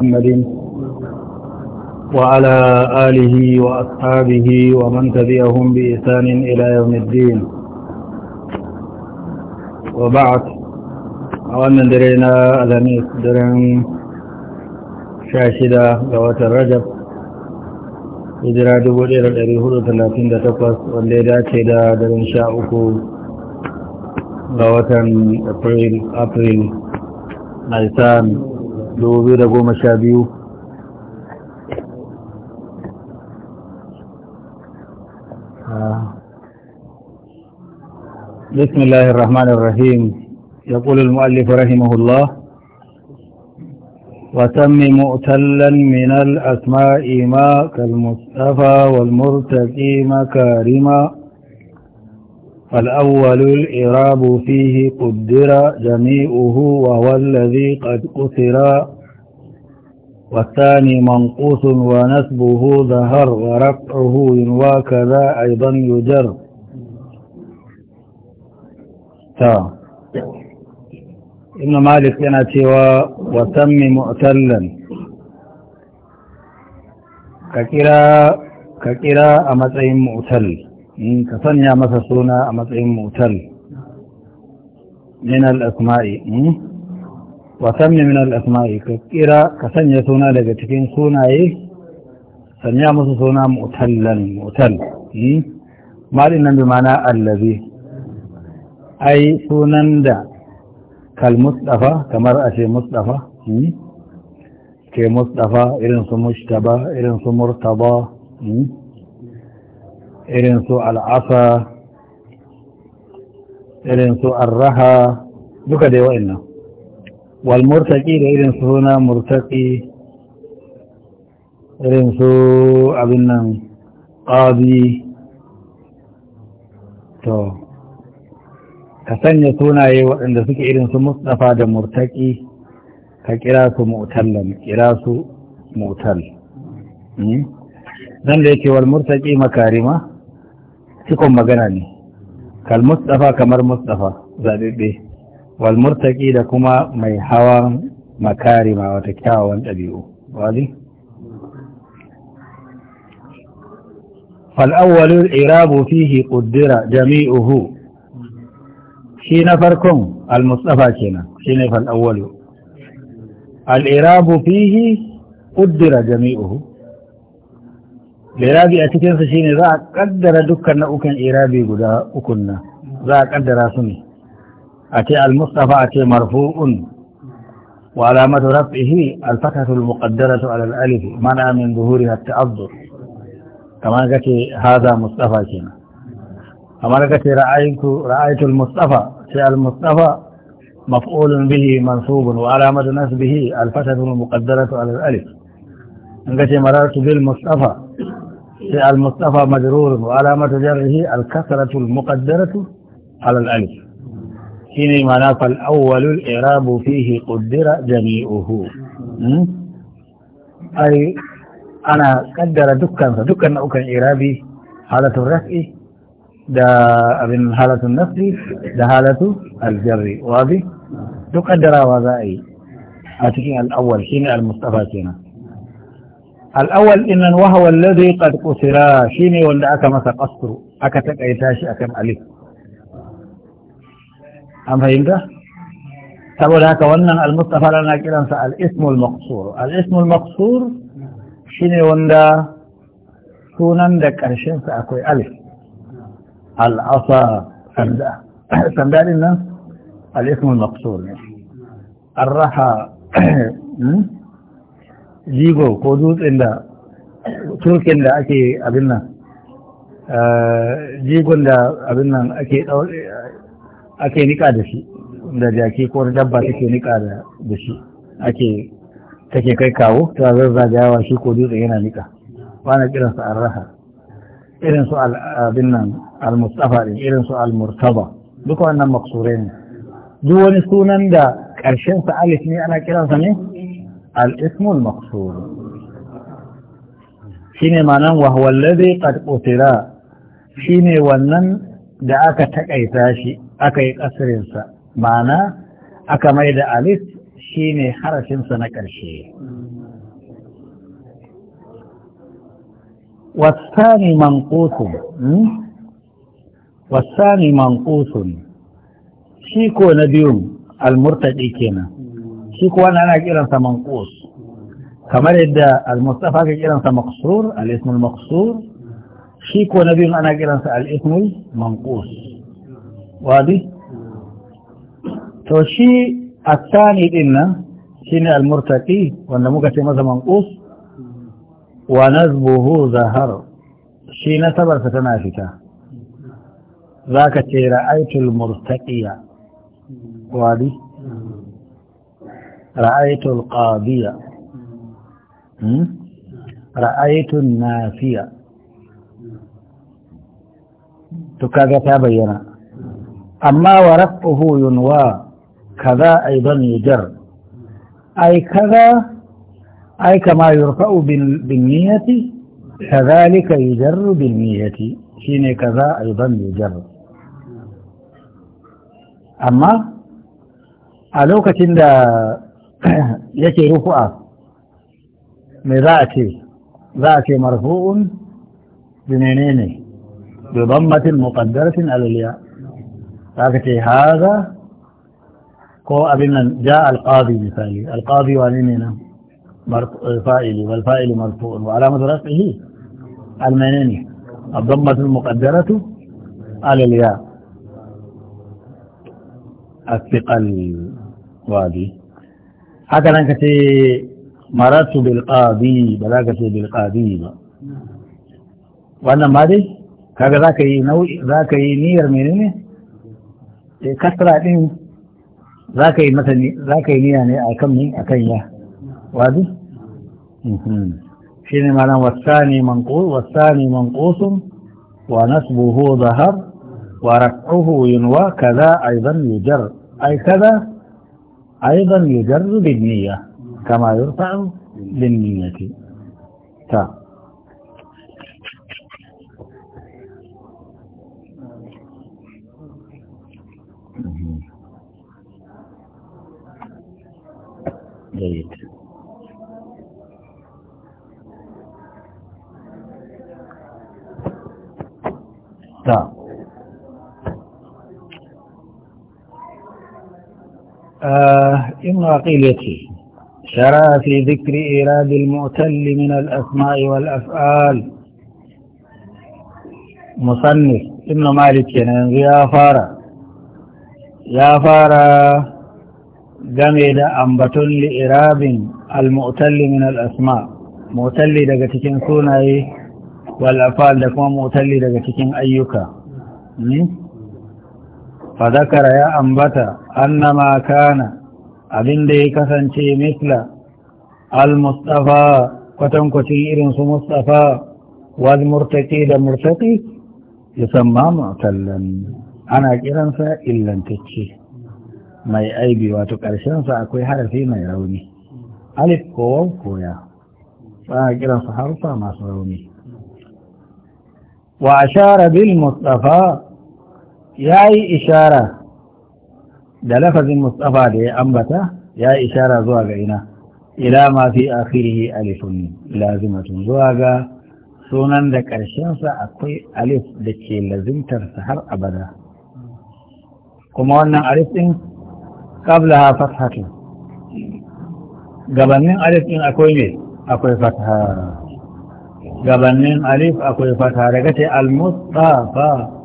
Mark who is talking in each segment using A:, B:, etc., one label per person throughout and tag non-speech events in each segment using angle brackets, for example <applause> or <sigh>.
A: محمد وعلى آله وأصحابه ومن تبعهم بإحسان إلى يوم الدين وبعد أولا درينا ألميس درين شاشدة لوات الرجب إجراء إلى الأريهود ثلاثين دتقص والليلة كده درين شاؤكو لوات أبريل أبريل نيسان dubu da goma بسم الله الرحمن الرحيم يقول المؤلف رحمه الله وتم مؤتلا من الأسماء ما كالمصطفى والمرتقي مكارما الأول الإراب فيه قدر جميعه وهو الذي قد قصر والثاني منقوص ونسبه ظهر ورفعه ينوى كذا أيضا يجر تا ابن مالك ينتوى وتم مؤتلا ككرا ككرا أمتين مؤتل Mm, ka sanya masa suna a matsayin mutal min al’asma’i asmai mm? wa min al’asma’i ka kira ka sanya suna daga cikin sunaye sanya musu suna mutallan mutal mm? malin nan bi mana allazi ai sunan da kal mustafa kamar a ce mustafa ke mustafa irin su mushtaba irin su murtaba irin su al'asa irin su arraha duka da yawa nan wal murtaki da irin su suna murtaki irin su abin nan ƙabi to ka sanya sunaye waɗanda suke irin su mustapha da murtaki ka kira su mutallan kira su mutal hmm? nan da yake wal murtaki makarima cikon magana ne kal mustafa kamar mustafa zaɓiɓɓe wal murtaki da kuma mai hawa hawan ma wata kyawawan ɗabi'u wali fal'awwalin irabu fihi ƙuddira jami'uhu shi na farkon al-mustafa kenan shi ne fal'awwalin al'irabu fihi ƙuddira jami'uhu irabi a cikinsu shine za a kaddara dukkan nau'ukan irabi guda ukun nan za a kaddara su ne a ce al-mustafa a ce marfu'un wa alamatu rafihi al-fatatu al-muqaddaratu ala al-alif mana min zuhuri hatta azur kamar ka ce haza mustafa kenan kamar ka ce ra'aytu al-mustafa sai al-mustafa maf'ulun bihi mansubun wa alamatu nasbihi al-fatatu al-muqaddaratu ala al-alif التي مررت بالمصطفى في المصطفى مجرور وعلامة جره الكثرة المقدرة على الألف حينما ناف الأول الإعراب فيه قدر جميعه أي أنا قدر دكا فدكا أوكا إعرابي حالة الرفع دا من حالة النفس دا حالة الجر وهذه تقدر وضعي أتكين الأول حين المصطفى سينا الأول إن وهو الذي قد قصرا شيني ولا أكما مسا قصر أكا تكايتاشي أكا مألف أم فهمت؟ سبب هكا ونن المصطفى لنا سأل الاسم المقصور الاسم المقصور شيني وندا سونان دا كرشين سأكوي ألف العصا سنداء <coughs> سنداء لنا الاسم المقصور الرحى <coughs> jigo ko dutsen da turkin da ake abin nan eh, jigon da abin nan ake nika da shi da jaki ko dabba take nika da shi ake take kai kawo ta zazzajawa shi ko dutsen yana nika wani kiran su arraha irin su abin nan al-mustafa din irin su al-murtaba duka wannan maksurai ne duk wani sunan da ƙarshen sa alif ne ana kiransa ne al'ismul maksuru shine ne manan wahwallabe ƙarƙotira shi wannan da aka taƙaita shi aka yi ƙasirinsa mana aka mai da alif shi na ƙarshe wasani manƙusun wasani manƙusun shi ko na biyun almurtaɗi kenan shi kuwa ana kiransa manqus kamar yadda al-mustafa ka kiransa maqsur al-ism al-maqsur shi kuwa biyun ana kiransa al-ism manqus Waɗi. to shi athani din nan shine al-murtaqi wanda muka ce masa manqus wa na nazbuhu zahar shi na nasabarsa tana fita zaka ce ra'aytul murtaqiya Waɗi. رأيت القاضية رأيت النافية تكاد تبين أما ورفعه ينوى كذا أيضا يجر أي كذا أي كما يرفع بالنية كذلك يجر بالنية حين كذا أيضا يجر أما ألوكة يكي رفؤة لذاتي ذاتي مرفوع بمنيني بضمة مقدرة على الياء ذاتي هذا قو أبنا جاء القاضي بفائلي القاضي والمنى نعم. فائلي والفائل مرفوع وعلامة رفعه المنيني الضمة المقدرة على الياء الثقل وادي haka nan ka ce maratu bilqadi ba za ka ce bilqadi ba wannan ma dai kaga za ka yi nau'i za ka yi niyyar menene eh kasra din za ka yi masa za ka yi niyya ne akan min akan ya wadi mhm. shine ma'ana wasani manqus wasani manqusum wa nasbuhu wa ورفعه yunwa kaza aidan yujar ai kaza أيضا يجر بالنية كما يرفع بالنية تا جيد تا إما قيل يتي شرع في ذكر إيراد المؤتل من الأسماء والأفعال مصنف ابن مالك يا فارا يا فارا جمد أنبت لإراب المؤتل من الأسماء مؤتل دقتكين سوناي والأفعال دقوا مؤتل دقتكين أيك فذكر يا أنبتا أن ما كان أبنده كسنشي مثل المصطفى كتنكتير مصطفى والمرتقي المرتقي يسمى معتلا أنا كرنسا إلا انتشي ما يأيبي واتكرشان سأكوي حرفي ما يروني ألف كوو كويا فأكرنسا حرفا ما سروني وأشار بالمصطفى ya yi ishara da lafazin mustafa da ya ambata ya yi ishara zuwa ga ina ila ma fi akhirihi alifun lazimatun zuwa ga sunan da ƙarshensa akwai alif da ke lazimtarsa har abada kuma wannan alif ɗin ha fathatu gabanin alif ɗin akwai ne akwai fathah gabanin alif akwai fathah daga ce al-mustafa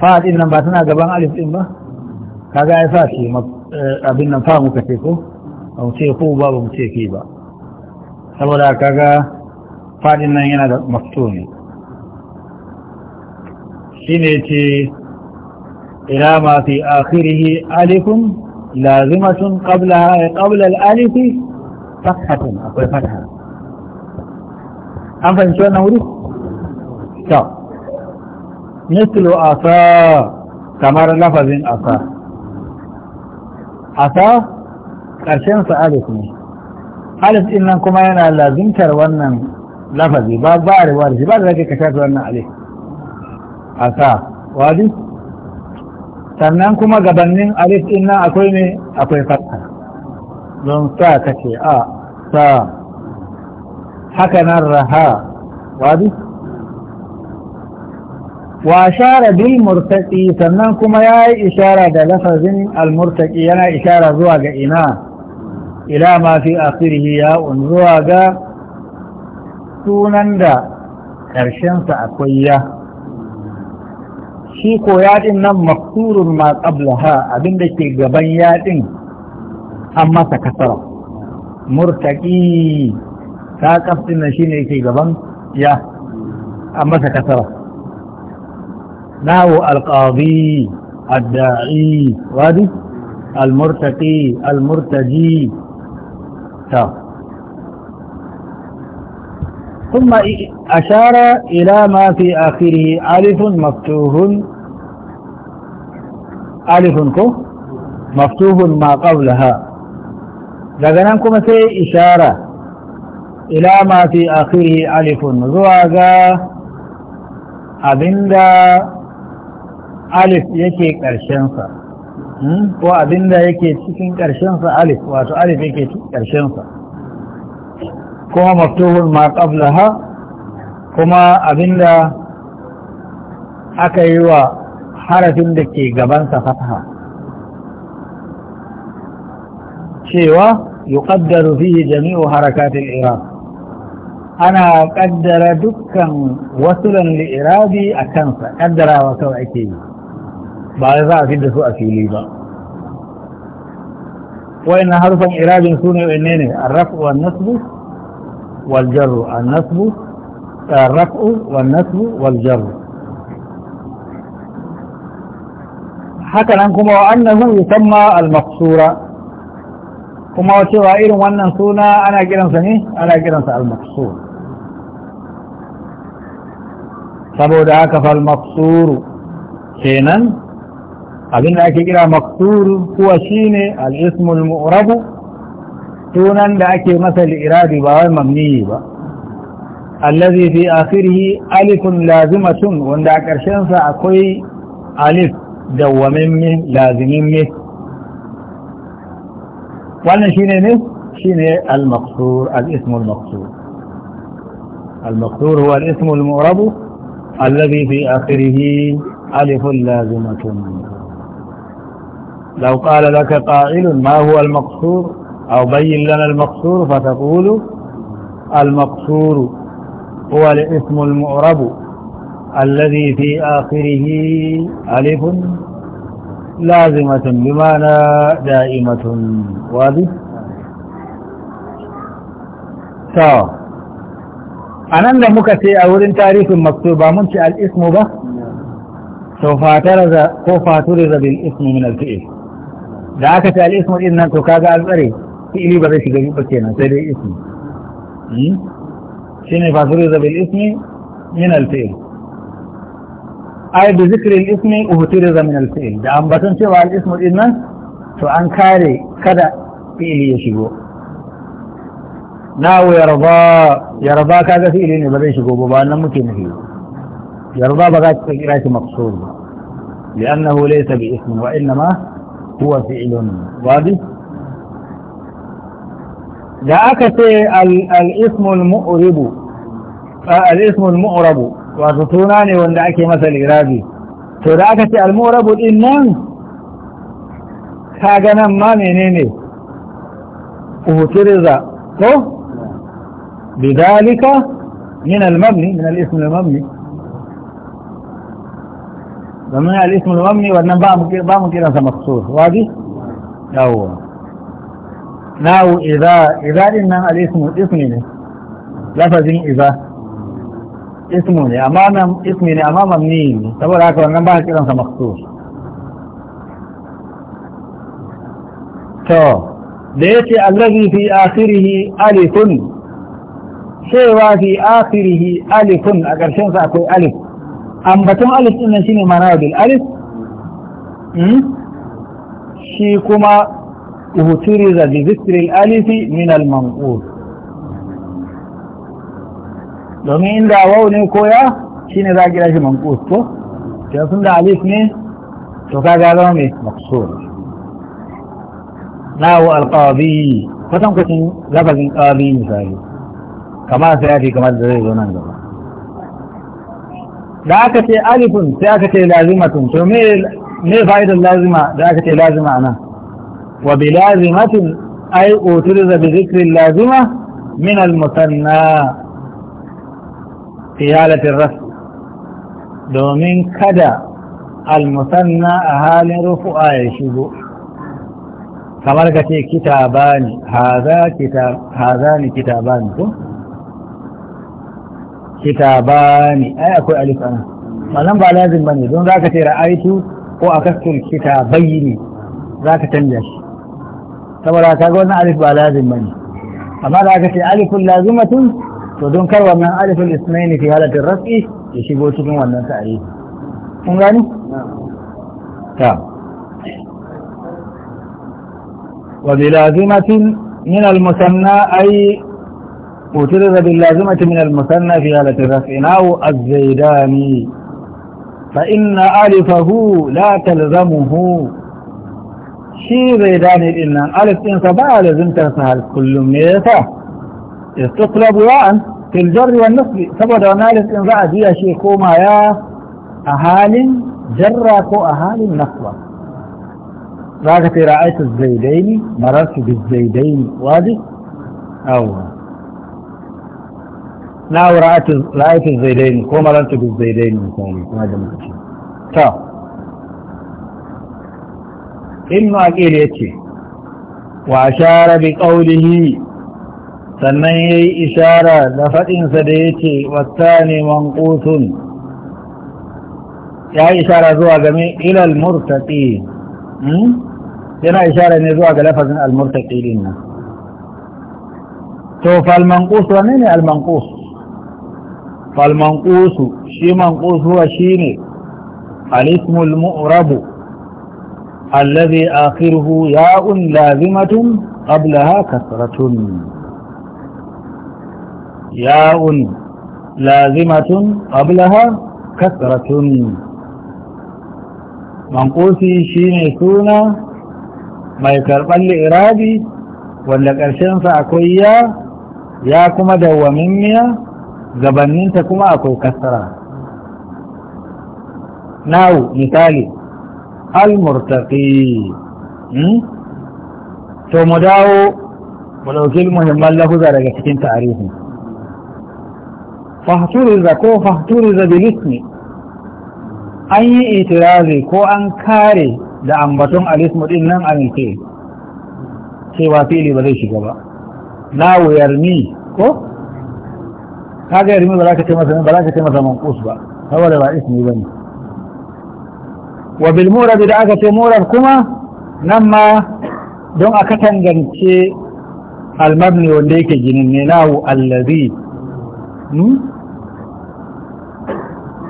A: فاتح نم باتنا قبان ألف إن با كاقا يفاتي أبن نم فامو كتكو أو تيقو باب ومتيكي با فلولا كاقا فاتح نم ينا مفتوني سينيتي إراما في آخره ألف لازمة قبلها قبل الألف فتحة أقول فتحة أم فإن شاء الله نوري شاء mislu asa kamar lafazin asa asa ƙarshen sa alif ne alif ɗin nan kuma yana lazimtar wannan lafazi ba ba a riwar shi ba da zaka kashe wannan alif asa wadi sannan kuma gabanin alif ɗin nan akwai ne akwai fatha don sa kace a sa haka nan raha wadi wa shara bil murtaqi sannan kuma ya yi ishara da lafazin al yana ishara zuwa ga ina ila ma fi akhirihi ya un zuwa ga sunan da ƙarshen sa akwai ya shi ko yaɗin nan maksurun ma qablaha abinda ke gaban yaɗin an masa kasara murtaqi ta kafin shi ne ke gaban ya an masa kasara نحو القاضي الداعي وادي المرتقي المرتجي ثم أشار إلى ما في آخره ألف مفتوح ألف كو مفتوح ما قبلها دغنان كما سي إشارة إلى ما في آخره ألف زواجا أبندا alif yake ƙarshensa hmm? ko abinda yake cikin ƙarshensa alif wato alif yake cikin ƙarshensa kuma maftuhun ma ha, kuma abinda aka yi wa harafin da ke gabansa fataha cewa yuqaddaru fihi jami'u harakatil iraq ana kaddara dukkan wasulan li'irabi a kansa kaddarawa kawai ake yi ba ya za a fi da su a fili ba wayannan harfan irabin su ne wanne ne arrafu wa nasbu wal jarru an nasbu arrafu wa nasbu wal jarru haka nan kuma wa annahu yusamma al maqsura kuma cewa irin wannan suna ana kiransa ne ana kiransa al maqsur saboda haka fal maqsuru kenan abin da ake kira maksuru kuwa shine al muurabu tunan da ake masa li'irabi ba wai mamniyi ba allazi fi akhirih alifun lazimatun wanda a ƙarshen sa akwai alif dawwamimmi lazimimmi wannan shine ne shine al-maqsur al-ismul maqsur al-maqsur huwa al muurabu mu'rabu allazi fi akhirih alifun lazimatun لو قال لك قائل ما هو المقصور أو بين لنا المقصور فتقول المقصور هو الاسم المعرب الذي في آخره ألف لازمة بمعنى دائمة واضح تو أنا da muka ce a wurin tarihin maktu ba mun سوف al'ismu ba? to fatara ko da aka ce al'ismu din nan to kaga an tsare fi'ili ba zai shiga ba kenan sai dai ismi hmm? shine fasiru da bil ismi min al fi'l ay bi zikri al ismi uhtiriza min al fi'l da an batun cewa al ismu din nan to an kare kada fi'ili ya shigo na yarda yarda kaga fi'ili ne ba zai shigo ba ba nan muke nufi yarda ba za ka kira shi maqsud ba لأنه ليس باسم وإنما huwa fi'lun wadi da aka ce al-ismul wato suna ne wanda ake masa lirabi to da aka ce al-mu'rabu din kaga nan ma menene utiriza ko min min domin al'ismul mamni wannan ba mu kiransa maksus wadi yawwa nawu idza idza din nan al'ismul ismi ne lafazin idza ismu ne amma nan ismi ne amma mamni ne saboda haka wannan ba mu kiransa maksus to da yace allazi fi akhirih alifun cewa fi akhirih alifun a ƙarshen sa akwai alif ambaton alif din nan shine ma'ana bil alif hmm shi kuma utiriza bi zikri al alif min al manqul domin da wau ne koya shine za kira shi manqul ko to sun da alif ne to kaga zama mai maqsur nawo al qadi kwatan kwatan lafazin qadi misali kama sai ya kamar da zai zo nan gaba da aka ce alifun sai aka ce lazimatun to me fa'idar lazima da aka ce lazima nan wa bi lazimatin ai uturiza bi zikrin lazima min al-musanna fi halatin ras domin kada al-musanna a halin rufu'a ya shigo kamar ka ce kitabani haza ni kitabani ko kitabani ai akwai alif ana wannan ba lazim ba ne don za ka ce ra'aitu ko a kitabai ne, za ka canja shi saboda ga wannan alif ba lazim ba ne. amma da aka ce alifun lazimatun to don kar wannan alifun ismai ismaini fi halatin rafi ya shigo cikin wannan ta'ari kun gani ta wa bi lazimatin min al-musanna ay وترز باللازمة من المثنى في آلة الرفع ناو الزيداني فإن ألفه لا تلزمه شي زيداني إن ألف إنسا بقى لازم ترسهل كل ميسا استطلب وان في الجر والنصب سبب أن ألف إن رأى شي كوما يا أهال جراكو أهال نصب راكتي رأيت الزيدين مررت بالزيدين واضح أول na ra'atin zaidaini ko maranta da zaidaini misali kuma da muka ce ta ibnu ya ce. wa ashara bi ƙaunihi. sannan ya yi ishara da fadin sa da yace wattani manqutun yayi ishara zuwa ga me ila al-murtaqi hmm? yana ishara ne zuwa ga lafazin al-murtaqi din nan to fal manqus wa ne al-manqus فالمنقوص شي منقوص هو شي الاسم المؤرب الذي آخره ياء لازمة قبلها كسرة ياء لازمة قبلها كسرة منقوسي شيني سونا ما يكربل لإرادي ولا أرشان فأكويا ياكم دو منيا gabaninta kuma akwai kasara na'u misali al-murtaqi hmm? to mu dawo mu ɗauki muhimman lafuza daga cikin tarihi fahturiza ko fahturiza bilismi an yi itirazi ko an kare da ambaton alismu din nan amince cewa fili ba zai shiga ba na wuyar ni ko kaga yarmi ba za ka ce masa ba za ka ce masa manqus ba saboda ba ismi bane wa bil murad da aka ce murad kuma nan ma don aka tangance al mabni wanda yake ginin ne lahu allazi hmm?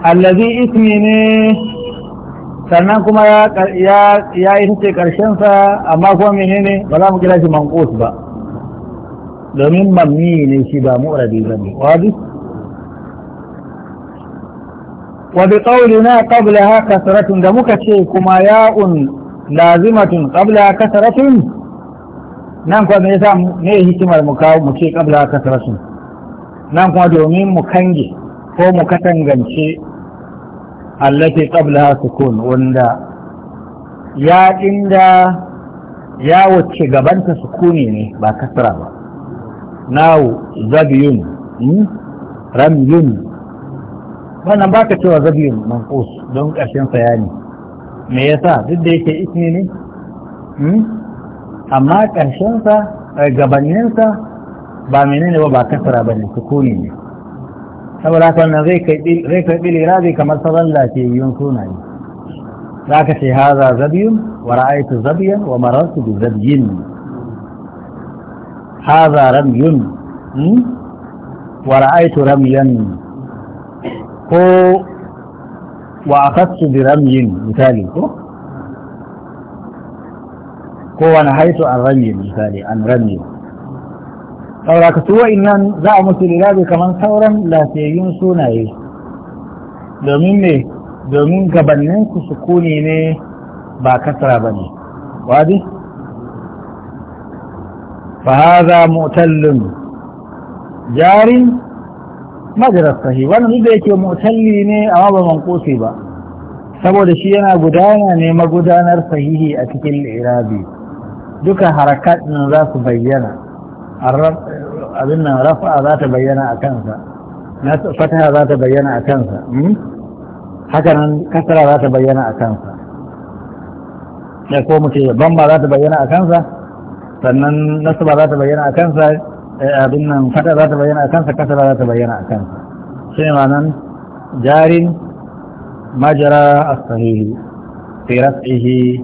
A: allazi ismi ne sannan kuma ya ya ita ce karshen sa amma kuma menene ba za mu kira shi manqus ba domin Mammi ne shi ba mu'rabi ba ne wadi wa bi qawlina qablaha kasratun da muka ce kuma ya'un lazimatun qablaha kasratun nan kuma me yasa ne hikimar mu kawo mu ce qablaha kasratun nan kuma domin mu kange ko mu katangance allati qablaha sukun wanda ya inda ya wuce gabanta sukuni ne ba kasra ba nawo zabiyun hmm? ramyun wannan ba ka cewa zabiyun manqus don ƙarshen saya ne me yasa duk da yake ismi ne hmm? amma ƙarshensa eh, gabaninsa ba menene ba ba kasara ba ne sukuni ne saboda haka wannan zai karɓi lirabi kamar sauran lafiyayyun sunaye za ka ce haza zabiyun wa ra'aitu zabiyan wa mararsu bi zabiyin haza ramyun wa ra'aitu ramyan ko wa akhadtu bi ramyin misali ko ko wa nahaitu an ramyin misali an ramyin saura ka su wa'innan za a musu lirabi kamar sauran lafiyayyun sunaye domin ne domin gabanin su sukuni ne ba kasara ba ne wadi فهذا مؤتل جار مجرى الصحيح وانا duk da yake mu'talli ne amma ba manqusi ba saboda shi yana gudana ne magudanar sahihi a cikin irabi duka harakat din za su bayyana abin nan rafa za ta bayyana a kansa fataha za ta bayyana a kansa hakanan kasara za ta bayyana a kansa ya ko muke bamba za ta bayyana a kansa sannan nasaba za ta bayyana a kansa eh, abin nan fata za ta bayyana a kansa ba za ta bayyana a kansa shi ne manan jarin majara a sahihi Tiras ihi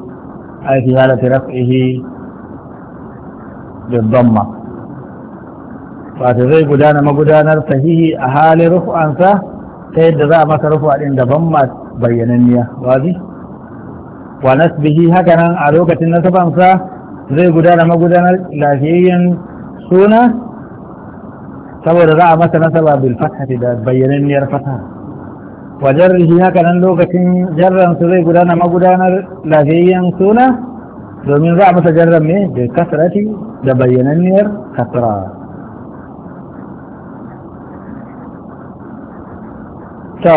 A: aiki hala tiras ihi da dhamma wato zai gudana magudanar sahihi a halin rufu'ansa ta yadda za a masa rufu'a ɗin da ma bayyananniya wazi wa nasbihi haka nan a lokacin nasabansa zai gudana magudanar lafiyayyen suna saboda za a masa nasaba bil fathati da bayyananniyar fata wa jarrihi haka nan lokacin jarransu zai gudana magudanar lafiyayyen suna domin za a masa jarran ne da kasarati da bayyananniyar kasra to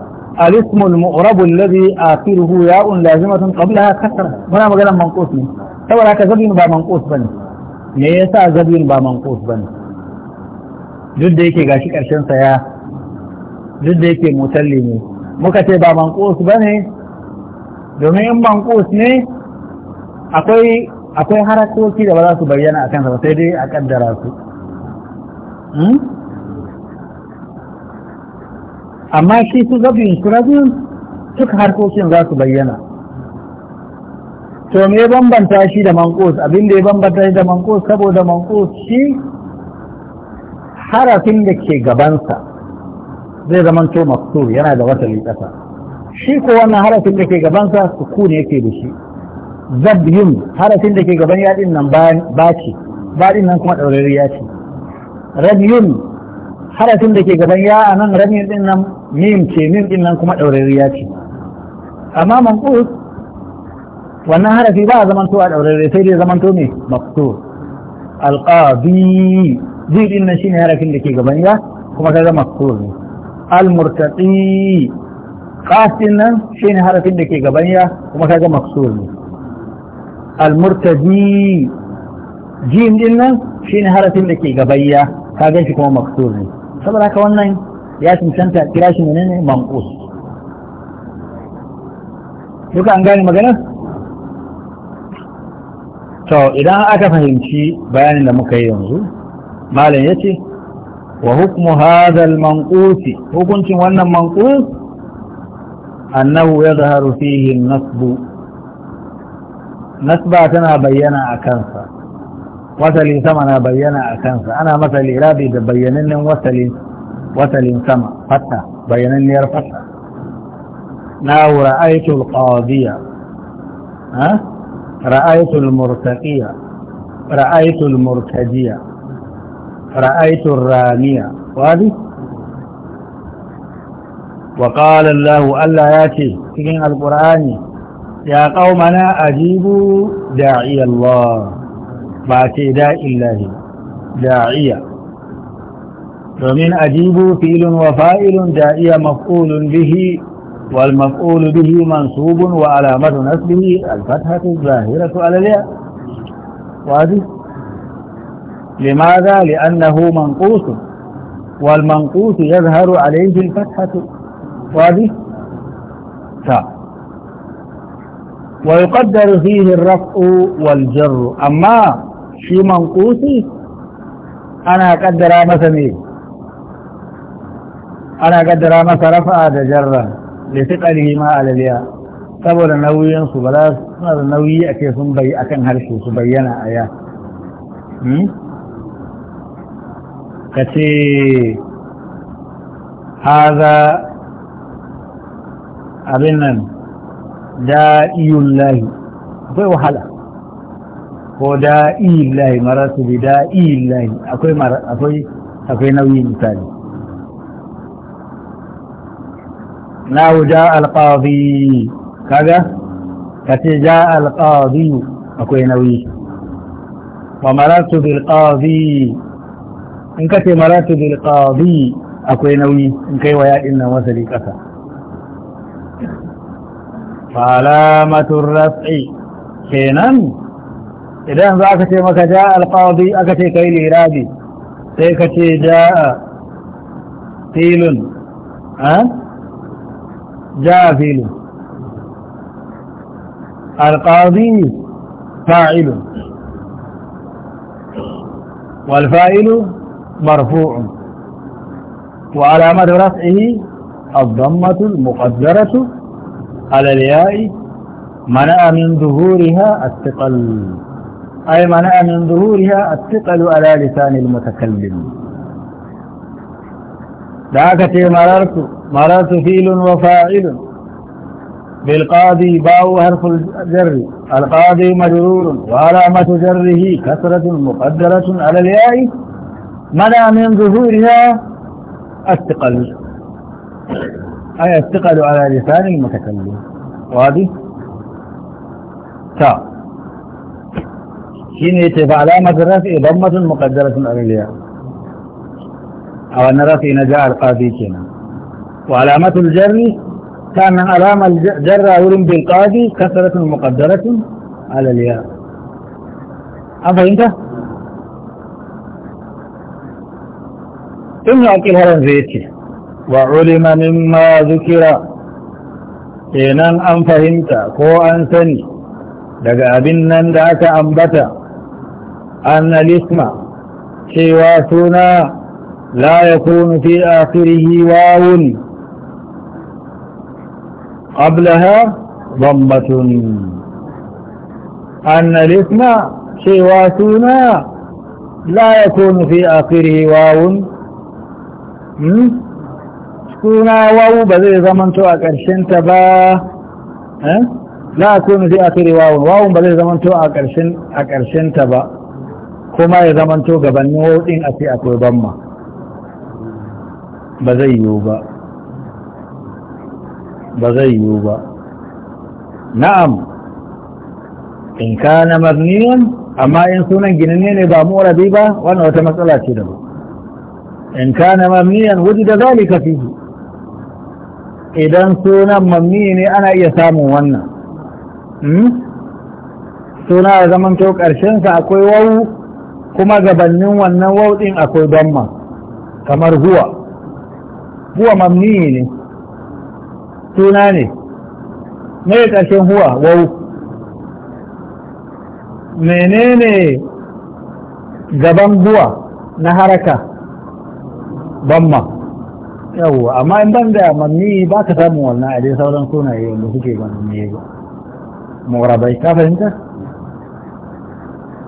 A: الاسم المغرب الذي آخره ياء لازمة قبلها كسرة هنا مجالا منقوص منه سوى لك زبين با منقوص بني ليس زبين با منقوص بني duk da yake gashi ƙarshensa ya duk da yake mutalli ne muka ce ba manƙus ne domin in ne akwai akwai harakoki da ba za su bayyana a kansa ba sai dai a ƙaddara su amma shi su zabi insurabin duka harkokin za su bayyana to me bambanta shi da mankos abin da ya bambanta shi da mankos saboda mankos shi harafin da ke gabansa zai zama to maksur yana da wata ƙasa shi ko wannan harafin da ke gabansa ne yake da shi yin harafin da ke gaban yaɗin nan ba ce baɗin nan kuma ɗaurariya ce rabiyun harafin da ke gaban ya a nan rabiyun ɗin nan Min ce min din nan kuma ɗaurariya ce amma manqus wannan harafi ba a zamanto a ɗaurari sai dai zamanto ne maktu alqadi ji din nan shine harafin da ke gaban ya kuma kaga maktu ne almurtaqi qas din nan shine harafin da ke gaban ya kuma kaga maktu ne almurtaji jim din nan shine harafin da ke gaban ya kaga shi kuma maktu ne saboda haka wannan ya cancanta kira shi ne ne manqus duka an gane maganar to idan aka fahimci bayanin da muka yi yanzu malam ce wa hukumu hadha al-manqus hukuncin wannan manqus annahu ya fihi an nasbu, nasba tana bayyana a kansa wasali sama na bayyana a kansa ana masa rabi da bayyanannen wasali wasalin sama fata bayananniyar fata na ra'aitul qadiya ha ra'aitul murtaqiya ra'aitul murtajiya ra'aitul ramiya wadi wa qala Allah Allah yace cikin alqur'ani ya qaumana ajibu da'i Allah ba ce da'i Allah da'iya ومن أجيب فيل وفائل fa'ilun da به maf'ulun والمفعول به منصوب وعلامة نسبه الفتحة الظاهرة على الياء واضح لماذا لأنه منقوص والمنقوص يظهر عليه الفتحة واضح طيب. ويقدر فيه الرفع والجر أما في منقوص أنا أقدر مثلا إيه؟ ana gaddara masa rafa'a da jarra da fi ƙari ma alaliya saboda nauyinsu ba za su da nauyi a ke sun bayi akan harshe su bayyana a ya hmm? ka ce haza abin nan da'iyun lahi akwai wahala ko da'iyun lahi marasu bi da'iyun lahi akwai nauyi misali ناو جاء القاضي كذا كتي جاء القاضي أكوي نوي ومرات بالقاضي إن كتي مرات بالقاضي أكوي نوي إن كي ويا إنا وزلي كفا فعلامة الرفع كينان إذا أكتي مك جاء القاضي أكتي كي لإرادي سيكتي جاء قيل ها أه؟ جافل القاضي فاعل والفاعل مرفوع وعلامة رفعه الضمة المقدرة على الياء منع من ظهورها الثقل أي منع من ظهورها الثقل على لسان المتكلم ذاك مررت مرات فيل وفاعل بالقاضي باء حرف الجر القاضي مجرور وعلامة جره كسرة مقدرة على الياء منع من ظهورها الثقل أي الثقل على لسان المتكلم وهذه تاء حين يتبع علامة الرفع ضمة مقدرة على الياء أو أن الرفع نجاء القاضي كنا وعلامة الجر كان علامة الجر أولم بالقاضي كثرة مقدرة على الياء أفهمت؟ ثم أكل هرم فيتي وعلم مما ذكر إن أن فهمت كو أنسني دقى بنا دعك أنبت أن الاسم سوى سنا لا يكون في آخره واو qablaha dhammatun anna al-isma cewa suna la yakunu fi ba a ƙarshen wawun ba zai zamanto a ƙarshen ta ba kuma ya zamanto gaban wawun din a akwai bamma ba zai yiwu ba ba zai yiwu ba na'am in ka na marniyon amma in sunan ginanne ne ba murabi ba wannan wata matsala ce da ba in ka na marniyan wuji da zalika fihi idan sunan mamni ne ana iya samun wannan hmm? suna da zaman to ƙarshensa akwai wau, kuma gabannin wannan wau ɗin akwai damma kamar huwa huwa mamni ne suna ne mai ƙarshen huwa wau menene gaban huwa na haraka bamma Yau. amma in ban da manni ba ka samun wannan a dai sauran sunaye wanda suke ya yi ba murabai ka fahimta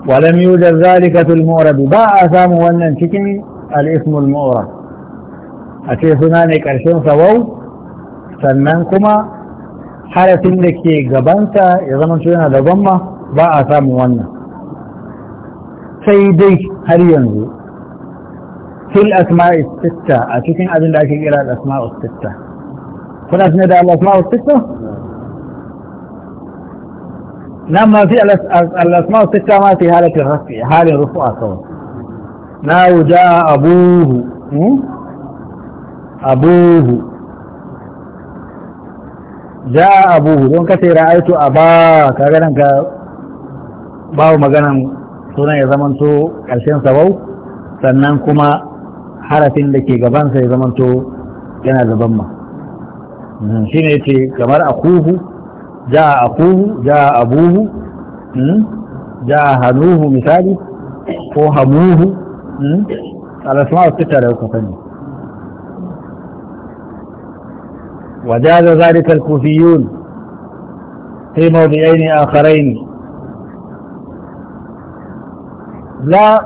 A: walam yujad zalika mora murab ba a samun wannan cikin al mora. a ce suna ne ƙarshen sawau sannan kuma harafin da ke gabanta ya zama yana da gwamma ba a samun wannan sai dai har yanzu fil asma'i sitta a cikin abin da ake kira da asma'u sitta kuna tunan da asma'u sitta na ma fi al-asma'u sitta ma fi halatin rafi halin rufu'a kawai na wuja abuhu abuhu ja abuhu don ka ra'aitu a ba ka ganin ka babu maganan sunan ya zamanto ƙarshen sabau sannan kuma harafin da ke gabansa ya zamanto yana da ma hmm, shi ne ce kamar akuhu ja akuhu ja abuhu hmm, ja hanuhu misali ko hamuhu hmm, alasma su tare ku sani وجاز ذلك الكوفيون في موضعين آخرين لا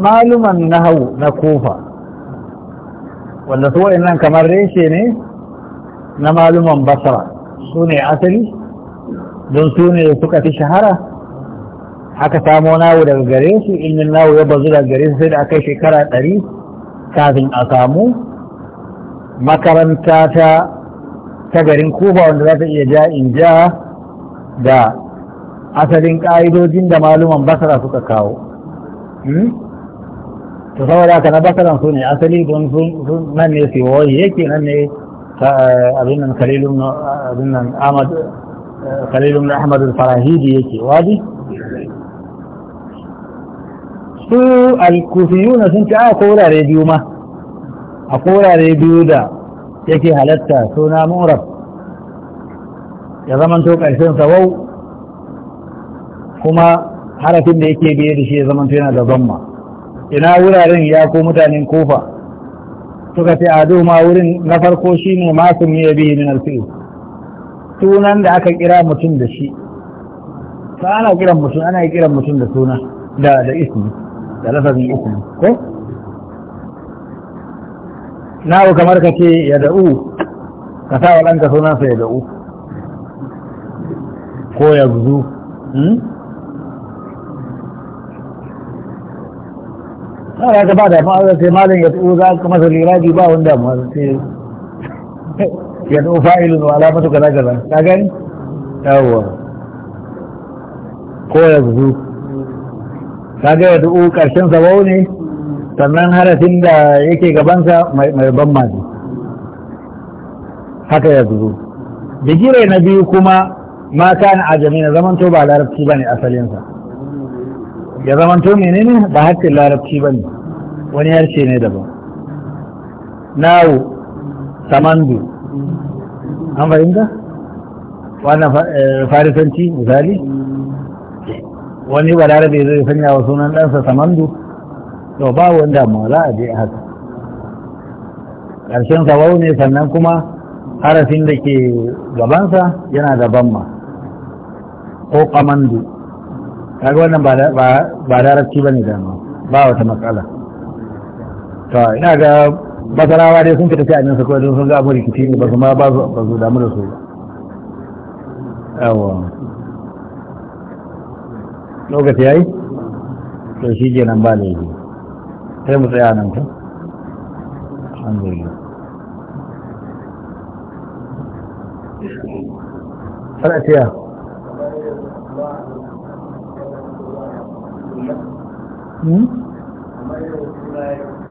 A: معلوما نهو نكوفا wanda su nan kamar reshe ne na maluman basra su ne asali don su ne suka fi shahara aka samo nawo daga gare su ilmin nawo ya bazu daga gare su sai da aka shekara ɗari kafin a samu makaranta ta ta garin kuba wanda za ta iya ja in ja da asalin ƙa'idojin da maluman basara suka kawo hmm? to saboda haka na basaran su ne asali don nan ne siwoyi yake nan ne eh, abin nan kalilun abin nan eh, farahidi yake wadi su al na sun ci a ko wurare biyu ma a ko wurare biyu da yake halatta suna murab ya zamanto ƙarshen sawau kuma harafin da yake biye da shi ya zama yana da zamma ina wuraren ya ko mutanen kofa suka ce ado ma wurin na farko shi ne masu miya biyu min alfi'u sunan da aka kira mutum da shi ta ana kiran mutum ana kiran mutum da suna da da ismi da lafazin ismi ko ku kamar ka ce ya da'u ka sa wa ɗanka sunansa ya da'u ko ya guzu tsara hmm? ka ba da ma'azar sai malin ya tsu za ka masa liraji ba wanda ma sai ya da'u fa'ilun wa alamatu kaza kaza ka gani yawwa ko ya guzu ka ga ya da'u karshen sabau ne sannan harafin da yake gabansa mai ban maji haka ya zuru digire na biyu kuma ma kana ajami na zamanto ba larabci ba ne asalinsa ya zamanto menene ba hakkin larabci ba ne wani harshe ne daban nawo samandu an fahimta wannan eh, farisanci misali wani larabe zai sanya wa sunan ɗansa samandu to ba wanda ma za a je haka ƙarshen sabau ne sannan kuma harafin da ke gabansa yana da ma ko kamandu kaga wannan ba larabci ba ne dama ba wata matsala to ina ga basarawa dai sun fita fi'anin su kawai sun ga abu rikici ne ba su ma ba su damu da su yawa lokaci yi to shi kenan ba laifi sai mu tsaya nan ta alhamdulillah ana tiya hmm